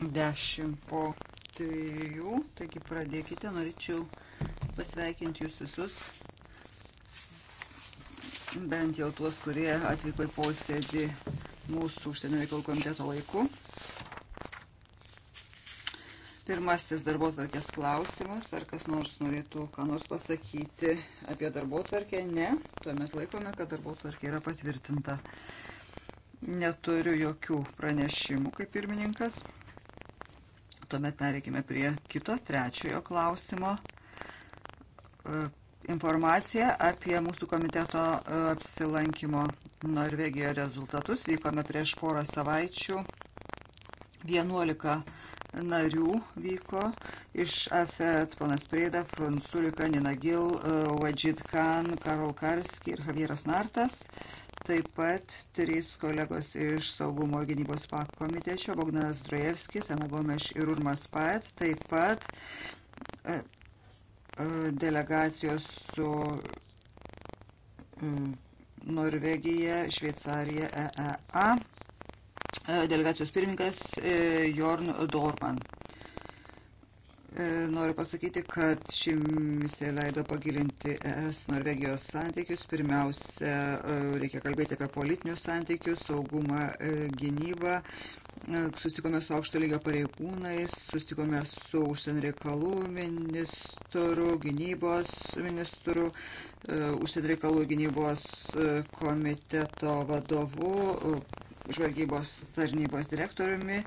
Dešimt po trijų, taigi pradėkite, norėčiau pasveikinti jūs visus, bent jau tuos, kurie atvyko į posėdį mūsų užsienio reikalų komiteto laiku. Pirmasis darbo tvarkės klausimas, ar kas nors norėtų ką nors pasakyti apie darbo tvarkę, ne, tuomet laikome, kad darbo tvarkė yra patvirtinta. Neturiu jokių pranešimų kaip pirmininkas. Tuomet pereikime prie kito, trečiojo klausimo. E, informacija apie mūsų komiteto e, apsilankimo Norvegijoje rezultatus. Vykome prieš porą savaičių. 11 narių vyko iš AFET, ponas Prėda, Fransulika, Nina Gil, Wajid e, Khan, Karol Karski ir Javieras Nartas. Taip pat trys kolegos iš saugumo gynybos pakomitečio, Bogdanas Drojevskis, Anagomeš ir Urmas Paet, taip pat e, e, delegacijos su Norvegija, Šveicarija, EEA, e, delegacijos pirmininkas Jorn Dorman. E, noriu pasakyti, kad ši misija leido pagilinti ES Norvegijos santykius. Pirmiausia, e, reikia kalbėti apie politinius santykius, saugumą, e, gynybą. Sustikome su aukšto lygio pareigūnais, sustikome su užsienio reikalų ministru, gynybos ministru, užsienio reikalų gynybos komiteto vadovu, žvalgybos tarnybos direktoriumi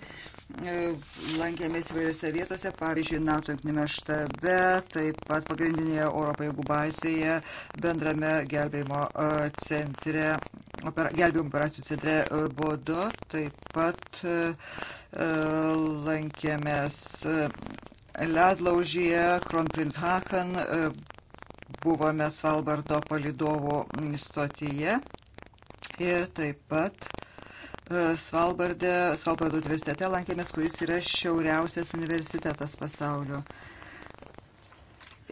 E, lankėmės įvairiose vietose, pavyzdžiui, NATO jungtinėme štabe, taip pat pagrindinėje oro pajėgų bazėje, bendrame gelbėjimo e, centre, opera, gelbėjimo operacijų centre e, Bodo, taip pat lankėmės ledlaužyje, Kronprins Hakan, buvome Svalbardo palidovų stotyje ir taip pat E, Svalbardė, Svalbardo universitete lankėmės, kuris yra šiauriausias universitetas pasaulio.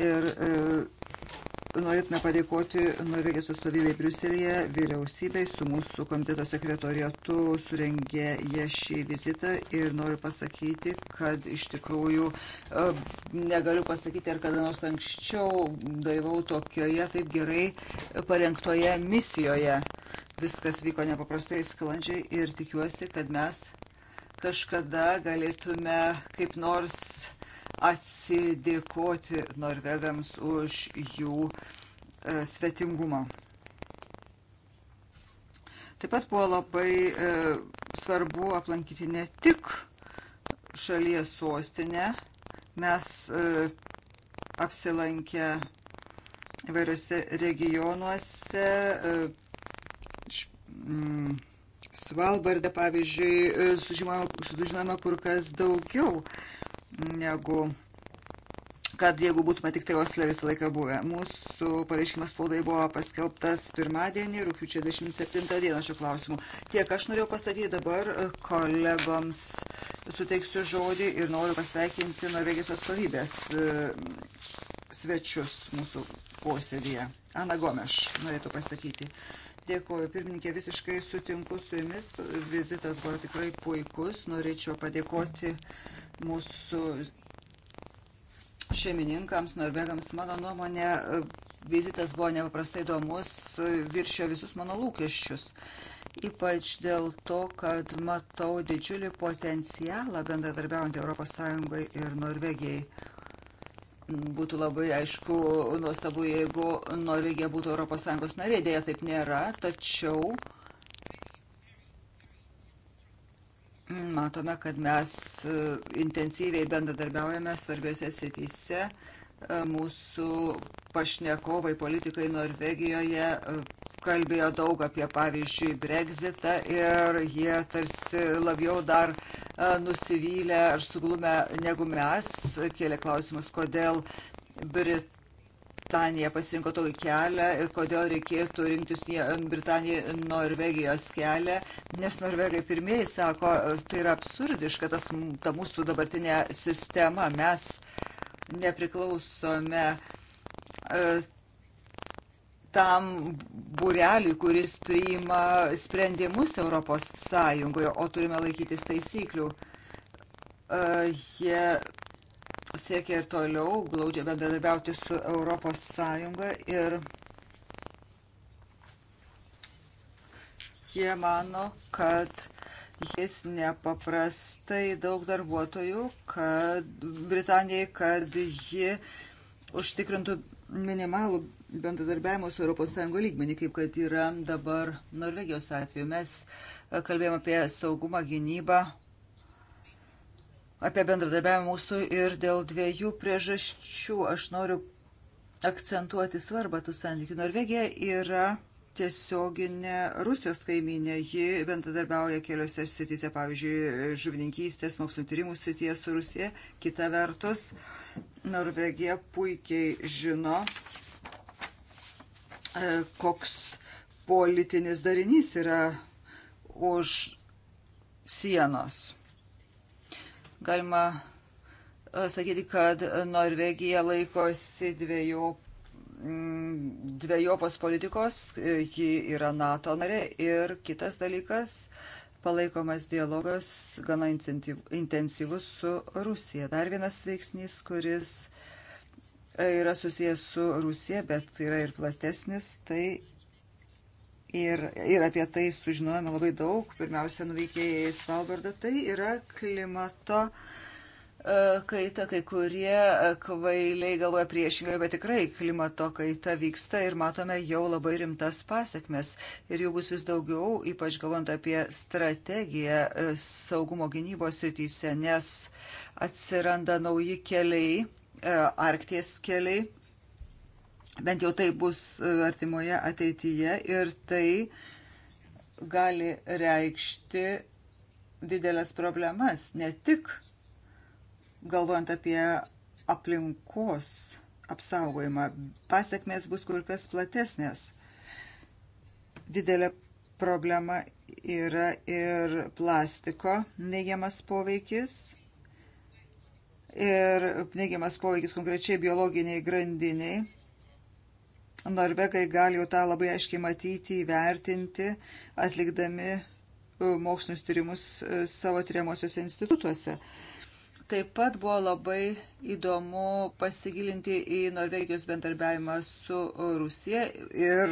Ir e, norėtume padėkoti Norvegijos atstovybei Briuselėje, vyriausybei, su mūsų komiteto sekretorijatu surengė jie šį vizitą ir noriu pasakyti, kad iš tikrųjų e, negaliu pasakyti, ar kada nors anksčiau dalyvau tokioje taip gerai parengtoje misijoje. Viskas vyko nepaprastai sklandžiai ir tikiuosi, kad mes kažkada galėtume kaip nors atsidėkoti norvegams už jų e, svetingumą. Taip pat buvo labai e, svarbu aplankyti ne tik šalies sostinę, mes e, apsilankę įvairiose regionuose, e, Mm, Svalbardė, pavyzdžiui, e, sužinojama kur kas daugiau negu kad jeigu būtume tik tai Osle visą laiką buvę. Mūsų pareiškimas spaudai buvo paskelbtas pirmadienį, rūpiučio 27 dieną šiuo klausimu. Tiek aš norėjau pasakyti dabar e, kolegoms, suteiksiu žodį ir noriu pasveikinti Norvegijos atstovybės e, svečius mūsų posėdėje. Ana Gomeš norėtų pasakyti. Uh, Dėkuoju, pirmininkė, visiškai sutinku su jumis. Vizitas buvo tikrai puikus. Norėčiau padėkoti mūsų šeimininkams, norvegams. Mano nuomonė, vizitas buvo nepaprastai įdomus, viršio visus mano lūkesčius. Ypač dėl to, kad matau didžiulį potencialą bendradarbiaujant ES ir Norvegijai Būtų labai aišku, nuostabu, jeigu Norvegija būtų ES narė, dėja taip nėra, tačiau matome, kad mes e, intensyviai bendradarbiaujame svarbiose srityse mūsų pašnekovai, politikai Norvegijoje e, kalbėjo daug apie, pavyzdžiui, Brexitą ir jie tarsi labiau dar e, nusivylę ar suglumę negu mes. Kėlė klausimas, kodėl Britanija pasirinko tokį kelią ir kodėl reikėtų rinktis e, Britanijai Norvegijos kelią, nes Norvegai pirmieji sako, tai yra absurdiška tas, ta mūsų dabartinė sistema. Mes uh, nepriklausome e, tam būreliui, kuris priima sprendimus Europos Sąjungoje, o turime laikytis taisyklių. E, jie siekia ir toliau glaudžiai bendradarbiauti su Europos Sąjunga ir jie mano, kad jis nepaprastai daug darbuotojų kad Britanijai, kad ji užtikrintų minimalų bendradarbiavimo su ES lygmenį, kaip kad yra dabar Norvegijos atveju. Mes e, kalbėjome apie saugumą, gynybą, apie bendradarbiavimą mūsų ir dėl dviejų priežasčių aš noriu akcentuoti svarbą tų santykių. Norvegija yra tiesioginė Rusijos kaiminė. Ji bendradarbiauja keliose srityse, pavyzdžiui, žuvininkystės, mokslinio tyrimų srityje su Rusija. Kita vertus, Norvegija puikiai žino, e, koks politinis darinys yra už sienos. Galima e, sakyti, kad Norvegija laikosi dviejų Mm, dviejopos politikos, e, ji yra NATO narė ir kitas dalykas palaikomas dialogas gana intensyvus su Rusija. Dar vienas veiksnys, kuris e, yra susijęs su Rusija, bet yra ir platesnis, tai ir, ir apie tai sužinojame labai daug, pirmiausia nuvykę į Svalbardą, tai yra klimato E, kaita, kai kurie e, kvailiai galvoja priešingai, bet tikrai klimato kaita vyksta ir matome jau labai rimtas pasiekmes. Ir jų bus vis daugiau, ypač galvant apie strategiją e, saugumo gynybos rytise, nes atsiranda nauji keliai, arkties keliai, bent jau tai bus artimoje ateityje ir tai gali reikšti didelės problemas, ne tik galvojant apie aplinkos apsaugojimą, pasiekmes bus kur kas platesnės. Didelė problema yra ir plastiko neigiamas poveikis. Ir neigiamas poveikis konkrečiai biologiniai grandiniai. Norvegai gali jau tą labai aiškiai matyti, įvertinti, atlikdami e, mokslinius tyrimus e, savo tyriamosiuose institutuose. Taip pat buvo labai įdomu pasigilinti į Norvegijos bendarbiavimą su Rusija ir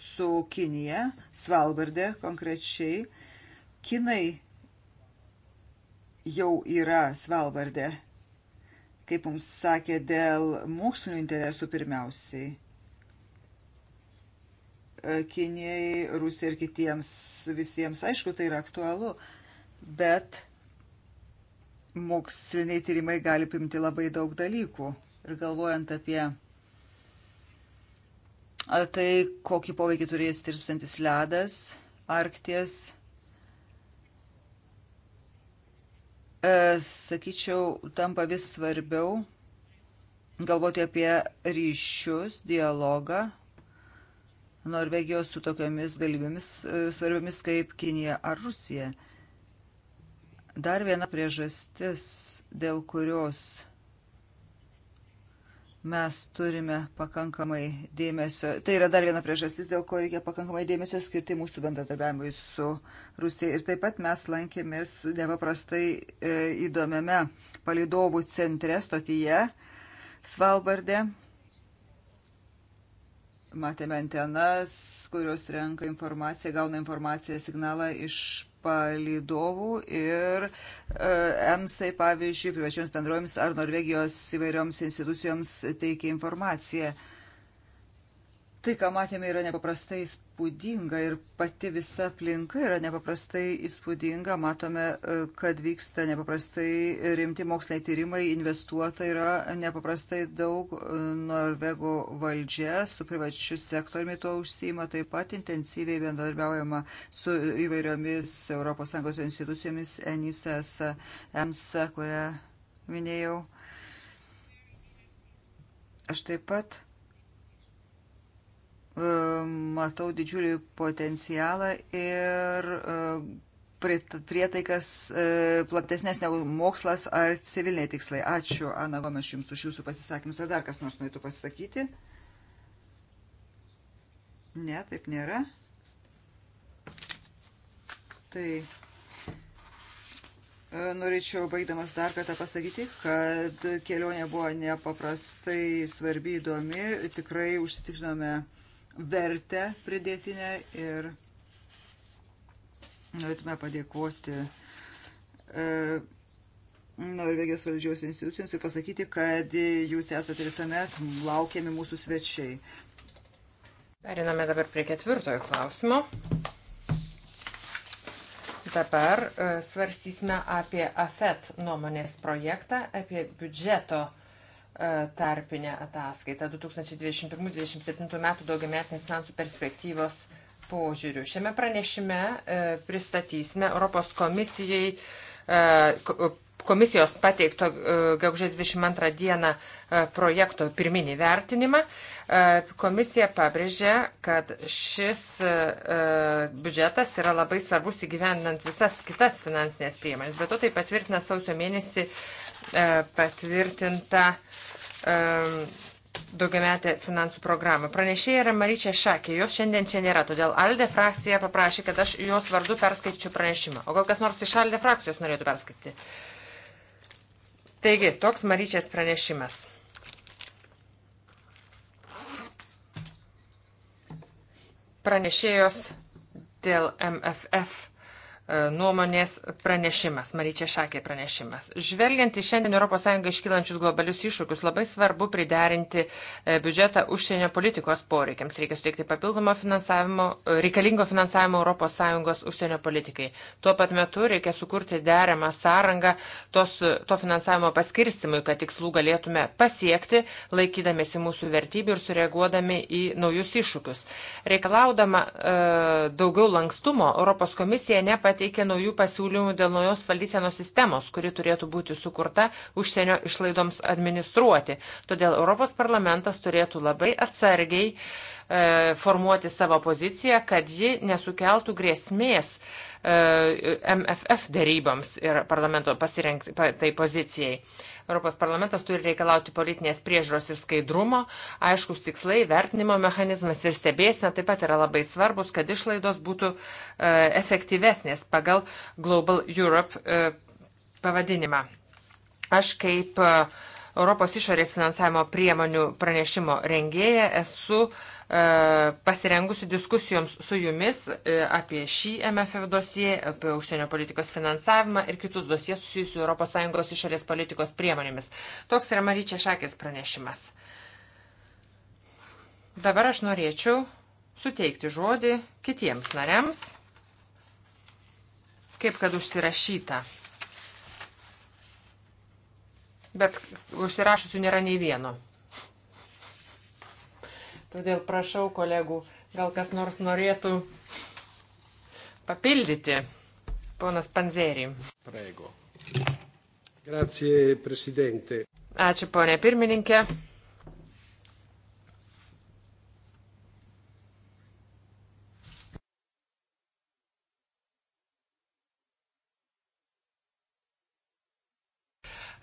su Kinija, Svalbardė konkrečiai. Kinai jau yra Svalbardė, kaip mums sakė, dėl mokslinių interesų pirmiausiai. Kinijai, Rusijai ir kitiems visiems, aišku, tai yra aktualu, bet moksliniai tyrimai gali pimti labai daug dalykų. Ir galvojant apie tai, kokį poveikį turės tirpstantis ledas, arkties, e, sakyčiau, tampa vis svarbiau galvoti apie ryšius, dialogą Norvegijos su tokiamis galimybėmis e, svarbiomis kaip Kinija ar Rusija. E, Dar viena priežastis, dėl kurios mes turime pakankamai dėmesio, tai yra dar viena priežastis, dėl ko reikia pakankamai dėmesio skirti mūsų bendradarbiavimui su Rusija. Ir taip pat mes lankėmės nepaprastai e, įdomiame palidovų centre stotyje Svalbardė. Matėme antenas, kurios renka informaciją, gauna informaciją, signalą iš palydovų ir EMSAI, pavyzdžiui, privačioms bendrovėms ar Norvegijos įvairioms institucijoms teikia informaciją. Tai, ką matėme, yra nepaprastai įspūdinga ir pati visa aplinka yra nepaprastai įspūdinga. Matome, e, kad vyksta nepaprastai rimti moksliniai tyrimai, investuota yra nepaprastai daug. E, Norvegų valdžia su privačiu sektoriumi tuo užsima, taip pat intensyviai bendradarbiaujama su įvairiomis ES institucijomis, ENISES, EMSA, kurią minėjau. Aš taip pat E, matau didžiulį potencialą ir e, prietaikas e, platesnės negu mokslas ar civiliniai tikslai. Ačiū, Ana Gomes, Jums už Jūsų pasisakymus. Ar dar kas nors norėtų pasisakyti? Ne, taip nėra. Tai norėčiau baigdamas dar kartą pasakyti, kad kelionė buvo nepaprastai svarbi įdomi. Tikrai užsitikrinome vertę pridėtinę ir norėtume padėkoti e, Norvegijos valdžios institucijoms ir pasakyti, kad jūs esate visuomet laukiami mūsų svečiai. Periname dabar prie ketvirtojo klausimo. Dabar e, svarstysime apie AFET nuomonės projektą, apie biudžeto projektą E, tarpinę ataskaitą 2021-2027 metų daugiametinės finansų perspektyvos požiūrių. Šiame pranešime e, pristatysime Europos komisijai, e, komisijos pateikto gegužės 22 dieną projekto pirminį vertinimą. Komisija pabrėžė, kad šis biudžetas yra labai svarbus įgyvendinant visas kitas finansinės priemonės. Be to tai patvirtina sausio mėnesį E, patvirtintą e, daugiametę finansų programą. Pranešėja yra Maryčia Šakė, jos šiandien čia nėra, todėl Alde frakcija paprašė, kad aš jos vardu perskaičiu pranešimą. O gal kas nors iš Alde frakcijos norėtų perskaityti? Taigi, toks Maryčias pranešimas. Pranešėjos dėl MFF E, nuomonės pranešimas, Maryčia Šakė pranešimas. Žvelgiant į šiandien ES iškylančius globalius iššūkius, labai svarbu priderinti e, biudžetą užsienio politikos poreikiams. Reikia suteikti papildomo finansavimo, e, reikalingo finansavimo ES užsienio politikai. Tuo pat metu reikia sukurti deramą sąrangą tos, to finansavimo paskirstimui, kad tikslų galėtume pasiekti, laikydamėsi mūsų vertybių ir sureaguodami į naujus iššūkius. Reikalaudama e, daugiau lankstumo, ES nepatikė pateikė naujų pasiūlymų dėl naujos valdysenos sistemos, kuri turėtų būti sukurta užsienio išlaidoms administruoti. Todėl Europos parlamentas turėtų labai atsargiai E, formuoti savo poziciją, kad ji nesukeltų grėsmės e, MFF dėryboms ir parlamento pasirinkti tai pozicijai. Europos parlamentas turi reikalauti politinės priežiūros ir skaidrumo, aiškus tikslai, vertinimo mechanizmas ir stebėsena taip pat yra labai svarbus, kad išlaidos būtų e, efektyvesnės pagal Global Europe e, pavadinimą. Aš kaip e, Europos išorės finansavimo priemonių pranešimo rengėja esu e, E, pasirengusi diskusijoms su jumis e, apie šį MFF dosiją, apie užsienio politikos finansavimą ir kitus dosiją susijusius ES išorės politikos priemonėmis. Toks yra Maryčia Šakės pranešimas. Dabar aš norėčiau suteikti žodį kitiems nariams, kaip kad užsirašyta. Bet užsirašusių nėra nei vieno. Todėl prašau kolegų, gal kas nors norėtų papildyti. Ponas Panzerį. Prego. Grazie, prezidentė. Ačiū, ponė pirmininkė.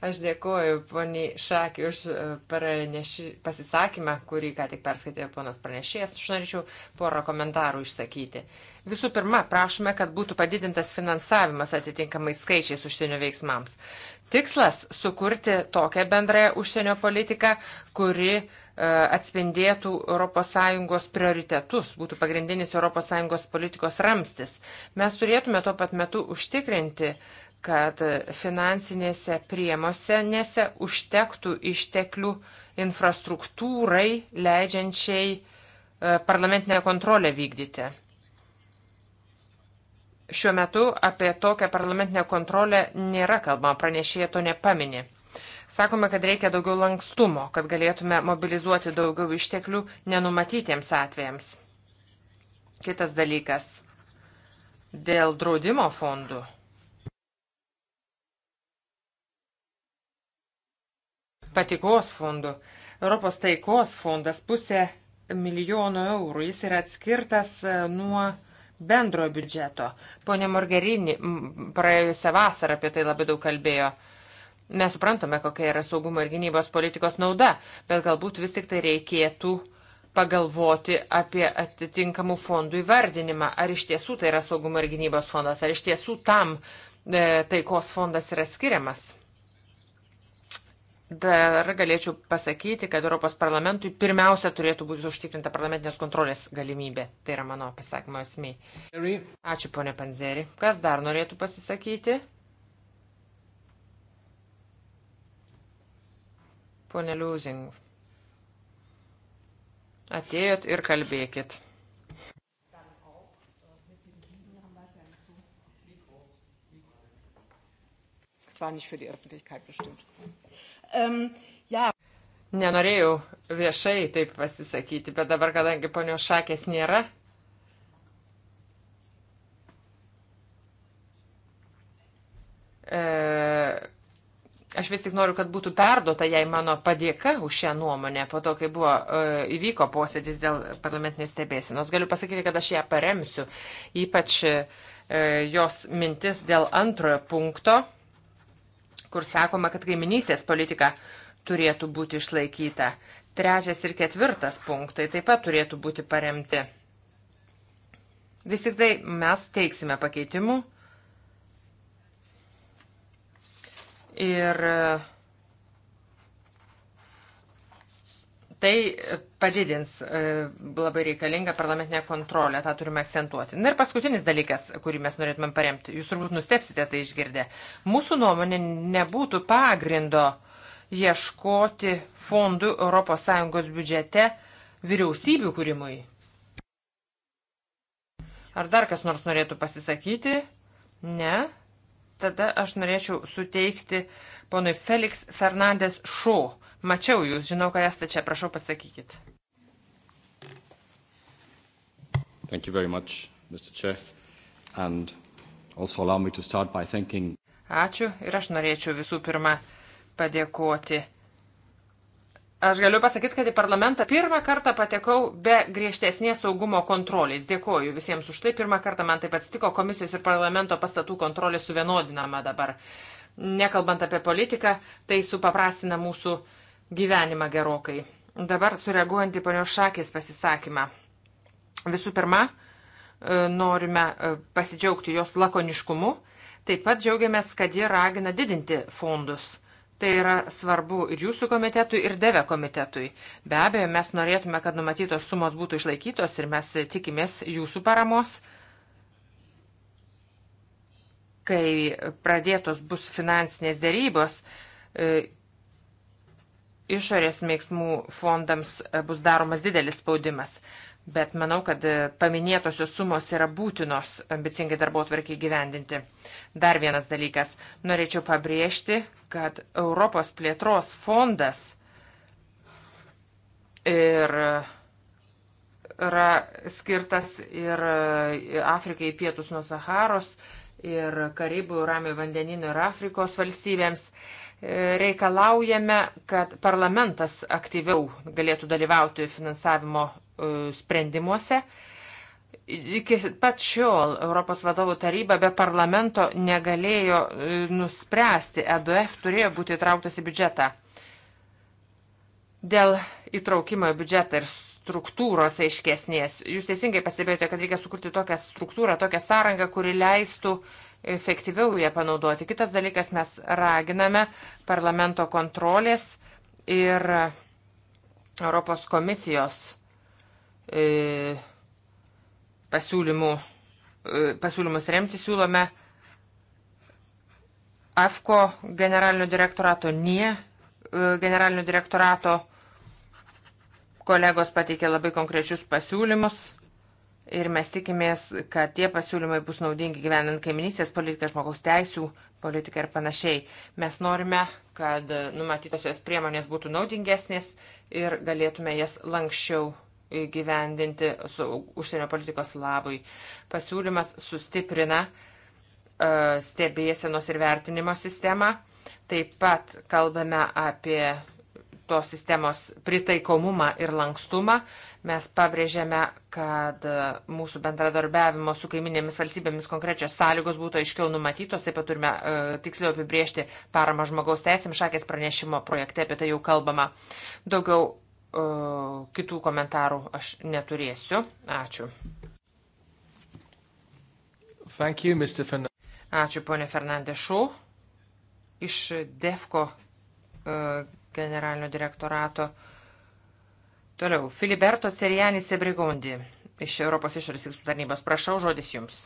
Aš dėkoju poniai Šakį už e, praneši, pasisakymą, kurį ką tik perskaitė ponas pranešėjas. Aš norėčiau porą komentarų išsakyti. Visų pirma, prašome, kad būtų padidintas finansavimas atitinkamai skaičiais užsienio veiksmams. Tikslas - sukurti tokią bendrąją užsienio politiką, kuri e, atspindėtų ES prioritetus, būtų pagrindinis ES politikos ramstis. Mes turėtume tuo pat metu užtikrinti, kad finansinėse priemonėse užtektų išteklių infrastruktūrai leidžiančiai e, parlamentinę kontrolę vykdyti. Šiuo metu apie tokią parlamentinę kontrolę nėra kalbama, pranešėja to nepaminė. Sakome, kad reikia daugiau lankstumo, kad galėtume mobilizuoti daugiau išteklių nenumatytiems atvejams. Kitas dalykas - dėl draudimo fondų patikos fondu. Europos taikos fondas pusė milijono eurų. Jis yra atskirtas e, nuo bendro biudžeto. Pone Morgerini praėjusią vasarą apie tai labai daug kalbėjo. Mes suprantame, kokia yra saugumo ir gynybos politikos nauda, bet galbūt vis tik tai reikėtų pagalvoti apie atitinkamų fondų įvardinimą, ar iš tiesų tai yra saugumo ir gynybos fondas, ar iš tiesų tam e, taikos fondas yra skiriamas. Dar galėčiau pasakyti, kad Europos parlamentui pirmiausia turėtų būti užtikrinta parlamentinės kontrolės galimybė. Tai yra mano pasakymo esmė. Ačiū, ponė Panzeri. Kas dar norėtų pasisakyti? Pone Liūzing. Atėjot ir kalbėkit. Es war nicht für die Öffentlichkeit bestimmt um, yeah. Nenorėjau viešai taip pasisakyti, bet dabar, kadangi ponios šakės nėra. E, aš vis tik noriu, kad būtų perduota jai mano padėka už šią nuomonę po to, kai buvo e, įvyko posėdis dėl parlamentinės stebėsinos. Galiu pasakyti, kad aš ją paremsiu, ypač e, jos mintis dėl antrojo punkto. E, kur sakoma, kad kaiminystės politika turėtų būti išlaikyta. Trečias ir ketvirtas punktai taip pat turėtų būti paremti. Vis tik tai mes teiksime pakeitimų ir uh, Tai e, padidins e, labai reikalingą parlamentinę kontrolę, tą turime akcentuoti. Na ir paskutinis dalykas, kurį mes norėtumėm paremti, jūs turbūt nustepsite tai išgirdę. Mūsų nuomonė nebūtų pagrindo ieškoti fondų ES biudžete vyriausybių kūrimui. Ar dar kas nors norėtų pasisakyti? Ne. Tada aš norėčiau suteikti ponui Felix Fernandės Šau Mačiau jūs, žinau, kad esate čia, prašau pasakykit. Thank you very much, Mr. Chair. And also allow me to start by thanking. Ačiū ir aš norėčiau visų pirma padėkoti. Aš galiu pasakyti, kad į parlamentą pirmą kartą patekau be griežtesnės saugumo kontrolės. Dėkoju visiems už tai. Pirmą kartą man taip atsitiko komisijos ir parlamento pastatų kontrolė suvienodinama dabar. Nekalbant apie politiką, tai supaprastina mūsų uh, gyvenimą gerokai. Dabar sureaguojant į ponios Šakės pasisakymą. Visų pirma, e, norime e, pasidžiaugti jos lakoniškumu. Taip pat džiaugiamės, kad ji ragina didinti fondus. Tai yra svarbu ir jūsų komitetui, ir DEVE komitetui. Be abejo, mes norėtume, kad numatytos sumos būtų išlaikytos ir mes tikimės jūsų paramos. Kai pradėtos bus finansinės dėrybos, e, išorės veiksmų fondams e, bus daromas didelis spaudimas, bet manau, kad e, paminėtosios sumos yra būtinos ambicingai darbo tvarkiai gyvendinti. Dar vienas dalykas. Norėčiau pabrėžti, kad Europos plėtros fondas ir e, yra skirtas ir Afrikai pietus nuo Saharos ir Karibų, Ramio vandenino ir Afrikos valstybėms. E, reikalaujame, kad parlamentas aktyviau galėtų dalyvauti finansavimo e, sprendimuose. Iki pat šiol Europos vadovų taryba be parlamento negalėjo e, nuspręsti, EDF turėjo būti įtrauktas į biudžetą. Dėl įtraukimo į biudžetą ir struktūros aiškesnės. Jūs teisingai pastebėjote, kad reikia sukurti tokią struktūrą, tokią sąrangą, kuri leistų efektyviau ją panaudoti. Kitas dalykas, mes raginame parlamento kontrolės ir Europos komisijos e, pasiūlymų, e, pasiūlymus remti siūlome AFKO generalinio direktorato, NIE e, generalinio direktorato Kolegos pateikė labai konkrečius pasiūlymus ir mes tikimės, kad tie pasiūlymai bus naudingi gyvenant kaiminysės politiką, žmogaus teisų politiką ir panašiai. Mes norime, kad numatytosios priemonės būtų naudingesnės ir galėtume jas lankščiau gyvendinti su užsienio politikos labui. Pasiūlymas sustiprina e, stebėsenos ir vertinimo sistemą. Taip pat kalbame apie tos sistemos pritaikomumą ir lankstumą. Mes pabrėžėme, kad mūsų bendradarbiavimo su kaiminėmis valstybėmis konkrečios sąlygos būtų aiškiau numatytos, taip pat turime e, tiksliau apibriežti paramą žmogaus teisėm, šakės pranešimo projekte apie tai jau kalbama. Daugiau e, kitų komentarų aš neturėsiu. Ačiū. Thank you, Mr. Fernandez. Ačiū, ponė Fernandė Šau. Iš DEFCO e, generalinio direktorato. Toliau, Filiberto Cerijanis Ebrigondi iš Europos išorės veiksmų tarnybos. Prašau, žodis jums.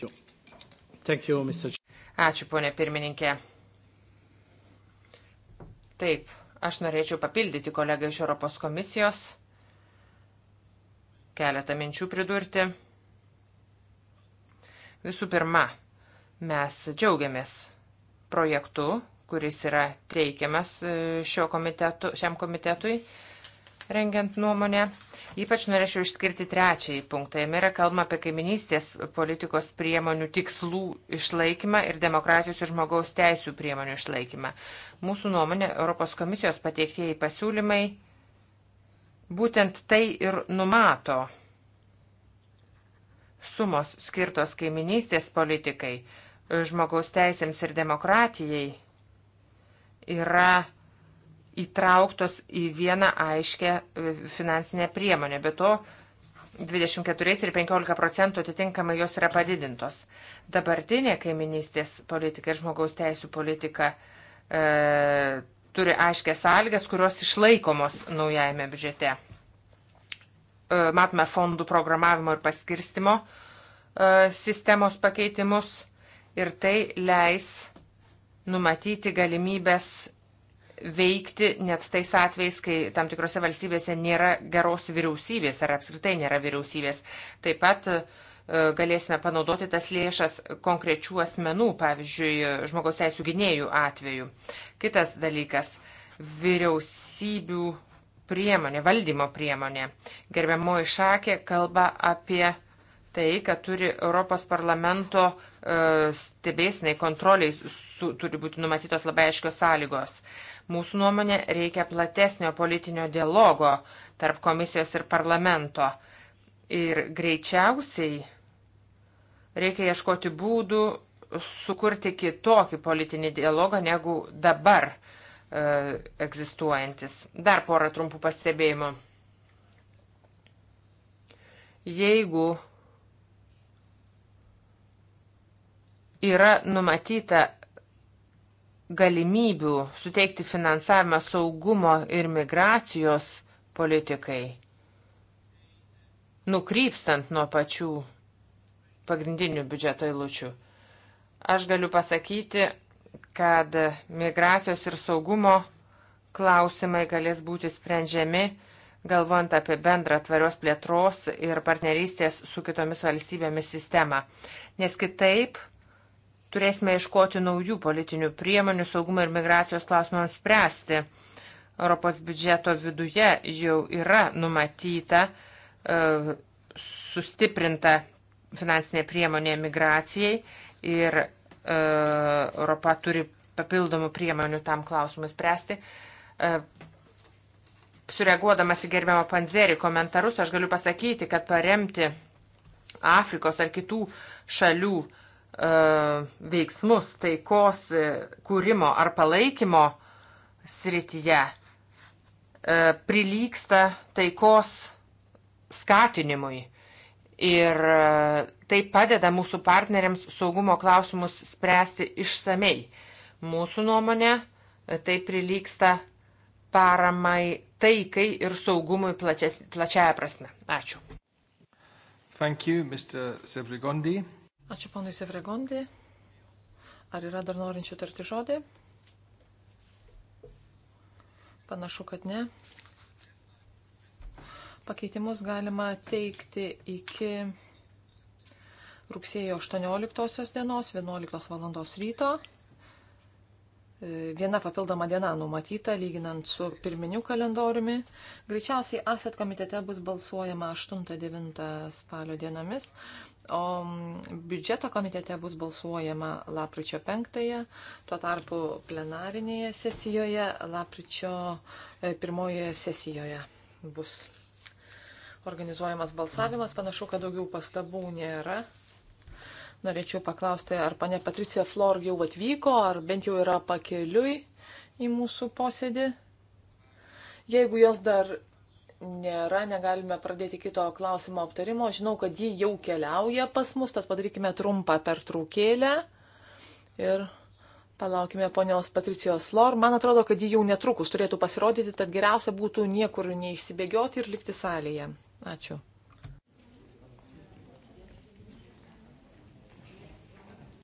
You, Ačiū, ponė pirmininkė. Taip, aš norėčiau papildyti kolegą iš Europos komisijos, keletą minčių pridurti. Visų pirma, Mes džiaugiamės projektu, kuris yra treikiamas e, komitetu, šiam komitetui, rengiant nuomonę. Ypač norėčiau išskirti trečiąjį punktą. Jame yra kalbama apie kaiminystės politikos priemonių tikslų išlaikymą ir demokratijos ir žmogaus teisų priemonių išlaikymą. Mūsų nuomonė, Europos komisijos pateiktieji pasiūlymai būtent tai ir numato sumos skirtos kaiminystės politikai žmogaus teisėms ir demokratijai yra įtrauktos į vieną aiškę e, finansinę priemonę. Be to, 24 ir 15 procentų atitinkamai jos yra padidintos. Dabartinė kaiminystės politika ir žmogaus teisų politika e, turi aiškės sąlygas, kurios išlaikomos naujajame biudžete. E, matome fondų programavimo ir paskirstimo e, sistemos pakeitimus ir tai leis numatyti galimybės veikti net tais atvejais, kai tam tikrose valstybėse nėra geros vyriausybės ar apskritai nėra vyriausybės. Taip pat e, galėsime panaudoti tas lėšas konkrečių asmenų, pavyzdžiui, žmogaus teisų gynėjų atveju. Kitas dalykas - vyriausybių priemonė, valdymo priemonė. Gerbiamoji Šakė kalba apie tai, kad turi Europos parlamento e, stebėsinai kontroliai su, turi būti numatytos labai aiškios sąlygos. Mūsų nuomonė reikia platesnio politinio dialogo tarp komisijos ir parlamento. Ir greičiausiai reikia ieškoti būdų sukurti kitokį politinį dialogą negu dabar e, egzistuojantis. Dar porą trumpų pastebėjimų. Jeigu yra numatyta galimybių suteikti finansavimą saugumo ir migracijos politikai, nukrypstant nuo pačių pagrindinių biudžeto eilučių. Aš galiu pasakyti, kad migracijos ir saugumo klausimai galės būti sprendžiami, galvojant apie bendrą tvarios plėtros ir partnerystės su kitomis valstybėmis sistemą. Nes kitaip turėsime iškoti naujų politinių priemonių saugumo ir migracijos klausimams spręsti. Europos biudžeto viduje jau yra numatyta e, sustiprinta finansinė priemonė migracijai ir e, Europa turi papildomų priemonių tam klausimui spręsti. E, sureaguodamas į gerbiamą Panzerį komentarus, aš galiu pasakyti, kad paremti Afrikos ar kitų šalių uh, E, veiksmus taikos e, kūrimo ar palaikymo srityje e, prilyksta taikos skatinimui. Ir tai padeda mūsų partneriams saugumo klausimus spręsti išsamei. Mūsų nuomonė tai prilyksta paramai taikai ir saugumui plačias, plačiaja prasme. Ačiū. Thank you, Mr. Sevrigondi. Ačiū ponui Sevregondi. Ar yra dar norinčių tarti žodį? Panašu, kad ne. Pakeitimus galima teikti iki rugsėjo 18 dienos, 11 val. ryto. Viena papildoma diena numatyta, lyginant su pirminiu kalendoriumi. Greičiausiai AFET komitete bus balsuojama 8-9 spalio dienomis. O biudžeto komitete bus balsuojama lapkričio 5-ąją, tuo tarpu plenarinėje sesijoje, lapkričio 1-oje e, sesijoje bus organizuojamas balsavimas. Panašu, kad daugiau pastabų nėra. Norėčiau paklausti, ar pane Patricija Flor jau atvyko, ar bent jau yra pakeliui į mūsų posėdį. Jeigu jos dar nėra, negalime pradėti kito klausimo aptarimo. Žinau, kad ji jau keliauja pas mus, tad padarykime trumpą pertraukėlę ir palaukime ponios Patricijos Flor. Man atrodo, kad ji jau netrukus turėtų pasirodyti, tad geriausia būtų niekur neišsibėgioti ir likti salėje. Ačiū.